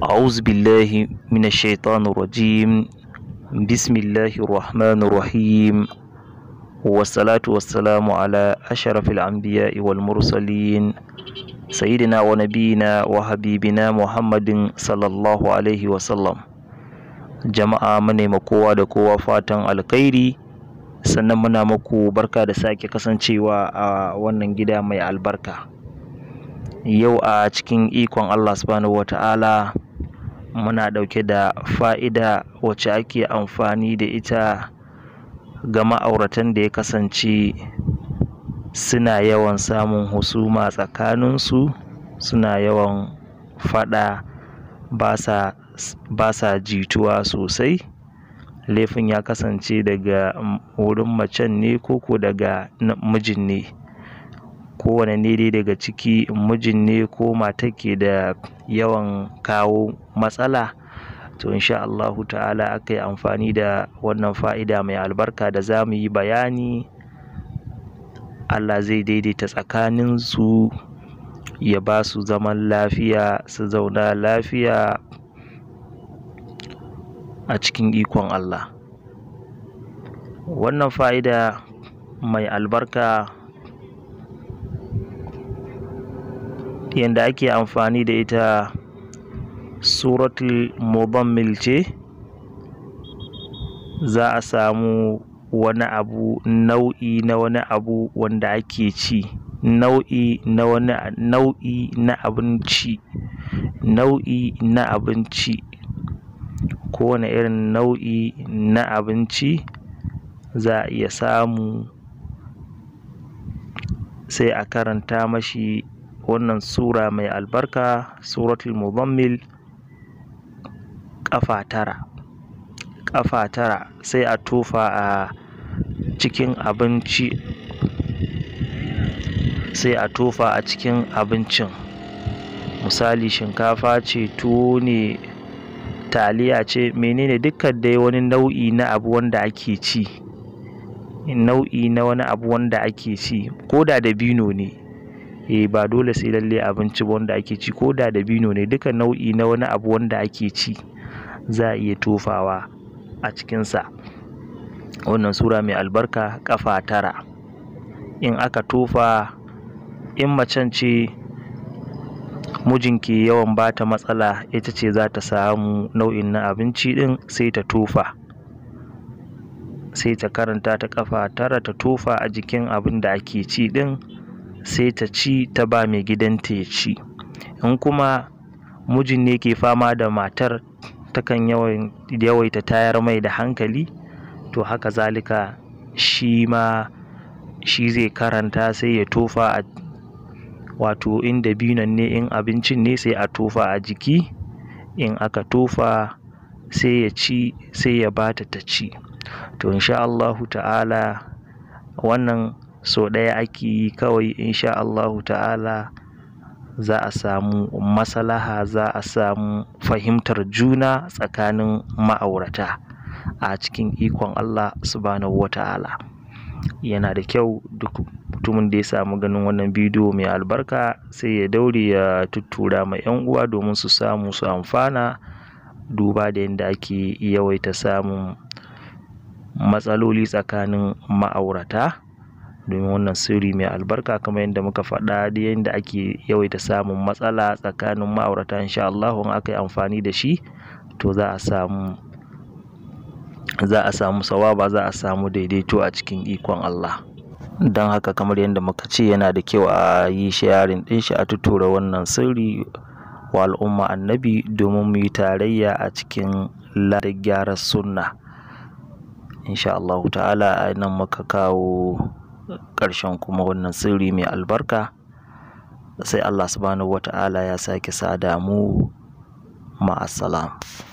أعوذ بالله من الشيطان الرجيم بسم الله الرحمن الرحيم والصلاة والسلام على أشرف الأنبياء والمرسلين سيدنا ونبينا وحبيبنا محمد صلى الله عليه وسلم jama'a من nema kowa da kowa fatan alkhairi sannan muna muku barka da sake kasancewa a wannan gida mai albarka yau a cikin ikon Allah subhanahu ta'ala muna ɗauke da fa'ida wacce ake amfani da ita ga ma'auratan da ya kasance suna yawan samun husuma tsakaninsu suna yawan faɗa ba sa jituwa sosai laifin ya kasance daga wurin macen ne ko daga mijin ne ne dai daga ciki mijin ne ko matar ke da yawan kawo matsala to insha Allahu ta'ala aka yi amfani da wannan fa'ida mai albarka da za mu yi bayani Allah zai daidaita tsakanin su ya ba su zaman lafiya su zauna lafiya a cikin ikon Allah wannan fa'ida mai albarka yadda ake amfani da ita suratul mubammil ce za a samu wani abu nau'i na wani abu wanda ake ci nau'i na wani nau'i na abinci nau'i na abinci kowane irin nau'i na abinci za a iya samu sai a karanta mashi wannan sura mai albarka suratul muzammil ƙafa tara ƙafa tara sai a tofa a cikin abinci sai a tofa a cikin abincin misali shinkafa ce tuwo ne taliya ce menene dukkan dai wani nau'i na abu wanda ake ci nau'i na wani abu wanda ake ci ko da dabino ne eh ba dole sai lalle abinci ba wanda ake ci ko da dabino ne duka nau'i na wani abu wanda ake ci za a iya tofawa a cikinsa. Wannan sura mai albarka ƙafa tara. In aka tofa in macen ce mijin yawan ba ta matsala ita ce za ta samu nau'in na abinci ɗin sai ta tofa. Sai ta karanta ta kafa tara ta tofa a jikin abin da ake ci ɗin. sai ta ci ta ba mai gidanta ya ci in kuma mijin ne ke fama da matar takan yawaita tayar mai da hankali to haka zalika shi ma shi zai karanta sai ya tofa a wato in dabinon ne in abincin ne sai a tofa a jiki in aka tofa sai ya ci sai ya bata ta ci to insha Allahu ta'ala wannan so ɗaya ake yi kawai insha Allahu ta'ala za a samu masalaha za a samu fahimtar juna tsakanin ma'aurata a cikin ikon Allah subhanahu wa ta'ala yana da kyau duk mutumin da ya samu ganin wannan bidiyo mai albarka sai ya daure ya tuttura ma 'yan uwa domin su samu su amfana duba da yadda ake yawaita samun matsaloli tsakanin ma'aurata domin wannan sirri mai albarka kamar yadda muka faɗa da yadda ake yawaita samun matsala tsakanin ma'aurata insha Allah in aka yi amfani da shi to za a samu za a samu sawaba za a samu daidaito a cikin ikon Allah don haka kamar yadda muka ce yana da kyau a yi sharing ɗin shi a tutura wannan sirri wa al'umma annabi domin mu yi tarayya a cikin ladar gyaran sunna insha Allah ta'ala a nan muka kawo ƙarshen kuma wannan sirri mai albarka sai Allah subhanahu wata'ala ya sake sada mu ma'assalam